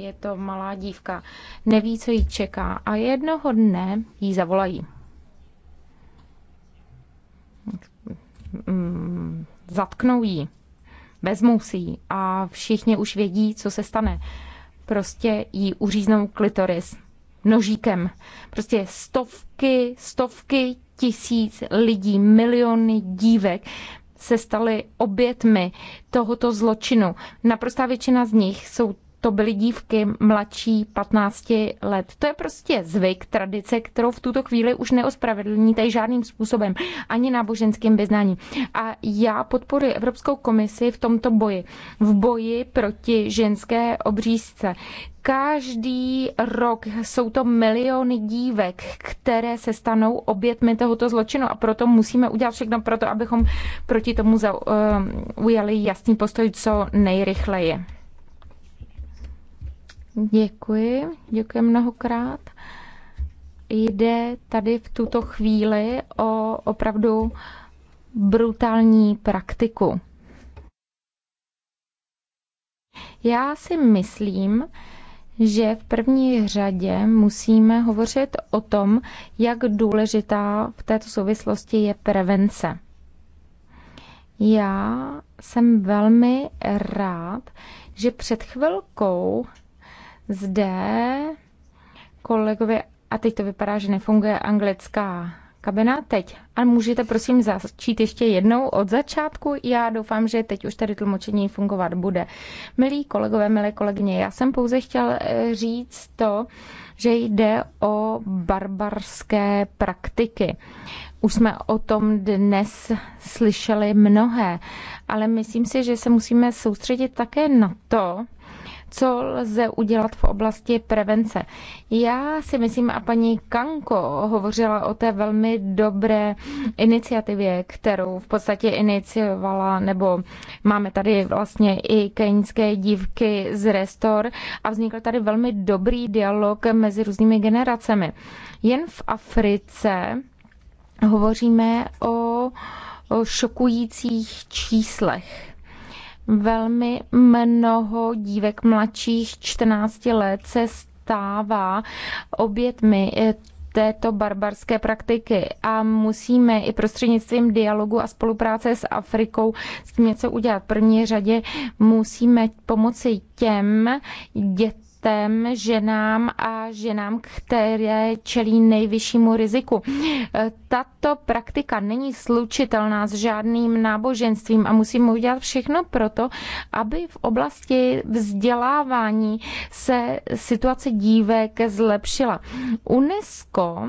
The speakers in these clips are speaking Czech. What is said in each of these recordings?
Je to malá dívka, neví, co jí čeká a jednoho dne jí zavolají. Mm, zatknou jí, vezmou si jí a všichni už vědí, co se stane. Prostě jí uříznou klitoris nožíkem. Prostě stovky, stovky tisíc lidí, miliony dívek se staly obětmi tohoto zločinu. Naprostá většina z nich jsou to byly dívky mladší 15 let. To je prostě zvyk, tradice, kterou v tuto chvíli už neospravedlníte žádným způsobem, ani náboženským vyznáním. A já podporuji Evropskou komisi v tomto boji, v boji proti ženské obřízce. Každý rok jsou to miliony dívek, které se stanou obětmi tohoto zločinu a proto musíme udělat všechno proto, abychom proti tomu eh, ujali jasný postoj co nejrychleji. Děkuji, děkuji mnohokrát. Jde tady v tuto chvíli o opravdu brutální praktiku. Já si myslím, že v první řadě musíme hovořit o tom, jak důležitá v této souvislosti je prevence. Já jsem velmi rád, že před chvilkou zde kolegové, a teď to vypadá, že nefunguje anglická kabina teď. A můžete prosím začít ještě jednou od začátku. Já doufám, že teď už tady tlumočení fungovat bude. Milí kolegové, milé kolegyně, já jsem pouze chtěl eh, říct to, že jde o barbarské praktiky. Už jsme o tom dnes slyšeli mnohé, ale myslím si, že se musíme soustředit také na to, co lze udělat v oblasti prevence. Já si myslím, a paní Kanko hovořila o té velmi dobré iniciativě, kterou v podstatě iniciovala, nebo máme tady vlastně i keňské dívky z Restor a vznikl tady velmi dobrý dialog mezi různými generacemi. Jen v Africe hovoříme o, o šokujících číslech velmi mnoho dívek mladších 14 let se stává obětmi eh, této barbarské praktiky a musíme i prostřednictvím dialogu a spolupráce s Afrikou s tím něco udělat. V první řadě musíme pomoci těm dětem, systém ženám a ženám, které čelí nejvyššímu riziku. Tato praktika není slučitelná s žádným náboženstvím a musíme udělat všechno proto, aby v oblasti vzdělávání se situace dívek zlepšila. UNESCO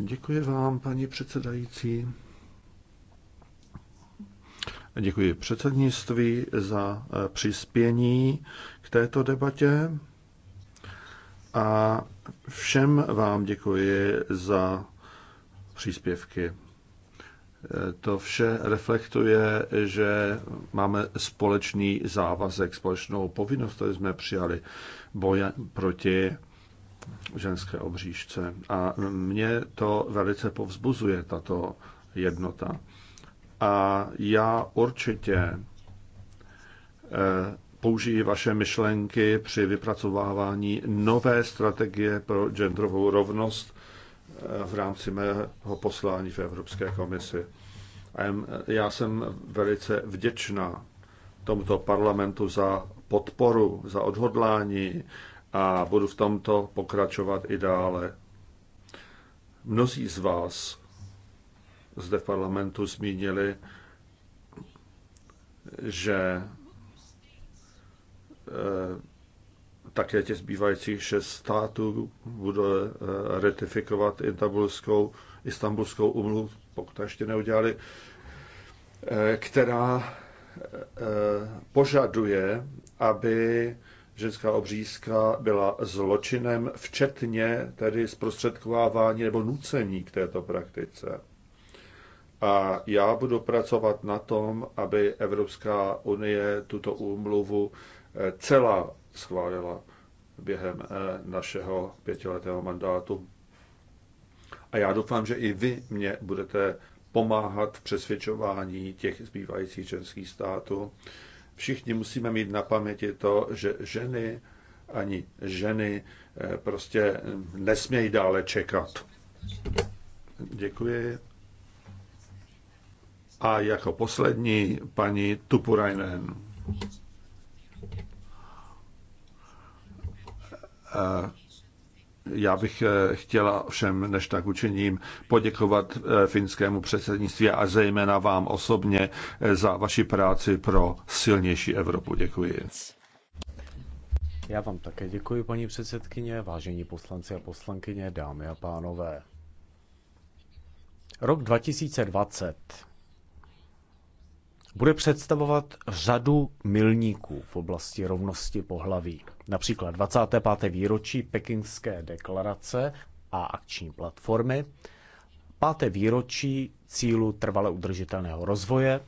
Děkuji vám, paní předsedající. Děkuji předsednictví za eh, přispění k této debatě a všem vám děkuji za příspěvky. Eh, to vše reflektuje, že máme společný závazek, společnou povinnost, kterou jsme přijali boje proti ženské obřížce. A mě to velice povzbuzuje, tato jednota. A já určitě eh, použijí vaše myšlenky při vypracovávání nové strategie pro genderovou rovnost eh, v rámci mého poslání v Evropské komisi. A eh, já jsem velice vděčná tomuto parlamentu za podporu, za odhodlání, a budu v tomto pokračovat i dále. Mnozí z vás zde v parlamentu zmínili, že eh, také těch zbývajících šest států bude eh, ratifikovat Istanbulskou, Istanbulskou umluvu, pokud to ještě neudělali, eh, která požaduje, aby ženská obřízka byla zločinem, včetně tedy zprostředkovávání nebo nucení k této praktice. A já budu pracovat na tom, aby Evropská unie tuto úmluvu eh, celá schválila během eh, našeho pětiletého mandátu. A já doufám, že i vy mě budete pomáhat v přesvědčování těch zbývajících členských států, Všichni musíme mít na paměti to, že ženy ani ženy eh, prostě nesmějí dále čekat. Děkuji. A jako poslední paní Tupurainen. Uh, já bych eh, chtěla všem, než tak učiním, poděkovat eh, finskému předsednictví a zejména vám osobně eh, za vaši práci pro silnější Evropu. Děkuji. Já vám také děkuji, paní předsedkyně, vážení poslanci a poslankyně, dámy a pánové. Rok 2020 bude představovat řadu milníků v oblasti rovnosti pohlaví. Například 25. výročí Pekingské deklarace a akční platformy, 5. výročí cílu trvale udržitelného rozvoje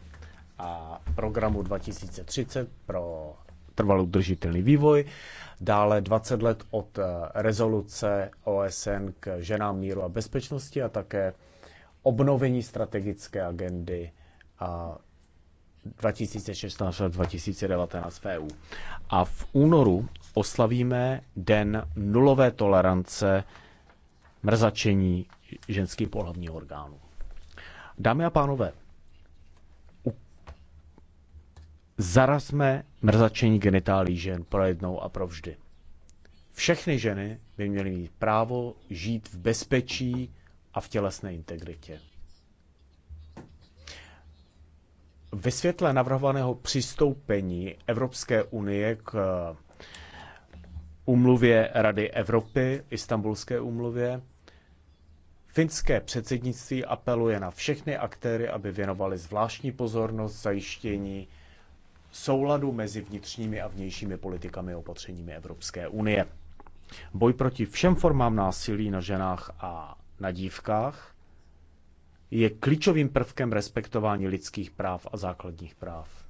a programu 2030 pro trvale udržitelný vývoj, dále 20 let od eh, rezoluce OSN k ženám míru a bezpečnosti a také obnovení strategické agendy a 2016 a 2019 v EU. A v únoru oslavíme den nulové tolerance mrzačení ženských pohlavních orgánů. Dámy a pánové, zarazme mrzačení genitálí žen pro jednou a pro vždy. Všechny ženy by měly mít právo žít v bezpečí a v tělesné integritě. Ve světle navrhovaného přistoupení Evropské unie k umluvě eh, Rady Evropy, Istanbulské umluvě, Finské předsednictví apeluje na všechny aktéry, aby věnovali zvláštní pozornost zajištění souladu mezi vnitřními a vnějšími politikami a opatřeními Evropské unie. Boj proti všem formám násilí na ženách a na dívkách, je klíčovým prvkem respektování lidských práv a základních práv.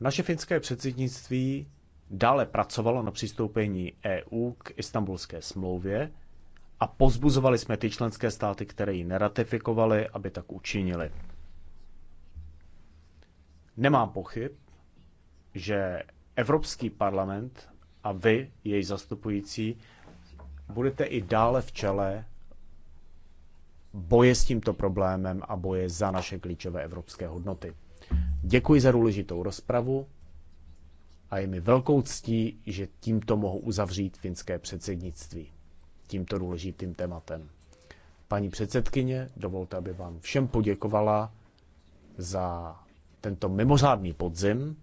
Naše finské předsednictví dále pracovalo na přistoupení EU k istambulské smlouvě a pozbuzovali jsme ty členské státy, které ji neratifikovaly, aby tak učinili. Nemám pochyb, že Evropský parlament a vy, jej zastupující, budete i dále v čele boje s tímto problémem a boje za naše klíčové evropské hodnoty. Děkuji za důležitou rozpravu a je mi velkou ctí, že tímto mohu uzavřít finské předsednictví tímto důležitým tématem. Paní předsedkyně, dovolte, aby vám všem poděkovala za tento mimořádný podzim.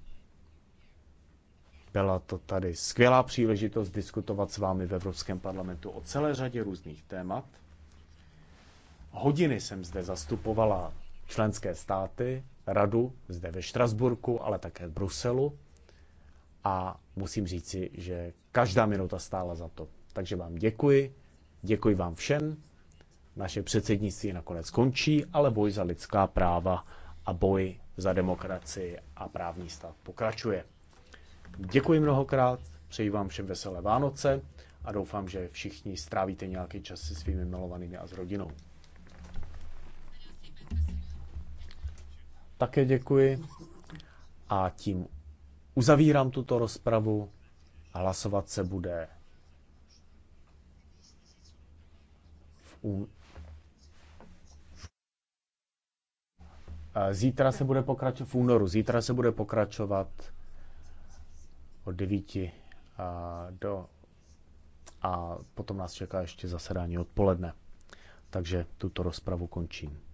Byla to tady skvělá příležitost diskutovat s vámi v Evropském parlamentu o celé řadě různých témat hodiny jsem zde zastupovala členské státy, radu zde ve Štrasburku, ale také v Bruselu. A musím říci, že každá minuta stála za to. Takže vám děkuji, děkuji vám všem. Naše předsednictví nakonec končí, ale boj za lidská práva a boj za demokracii a právní stav pokračuje. Děkuji mnohokrát, přeji vám všem veselé Vánoce a doufám, že všichni strávíte nějaký čas se svými milovanými a s rodinou. Také děkuji a tím uzavírám tuto rozpravu a hlasovat se bude v Zítra se bude pokračovat v únoru. Zítra se bude pokračovat od 9 a do a potom nás čeká ještě zasedání odpoledne. Takže tuto rozpravu končím.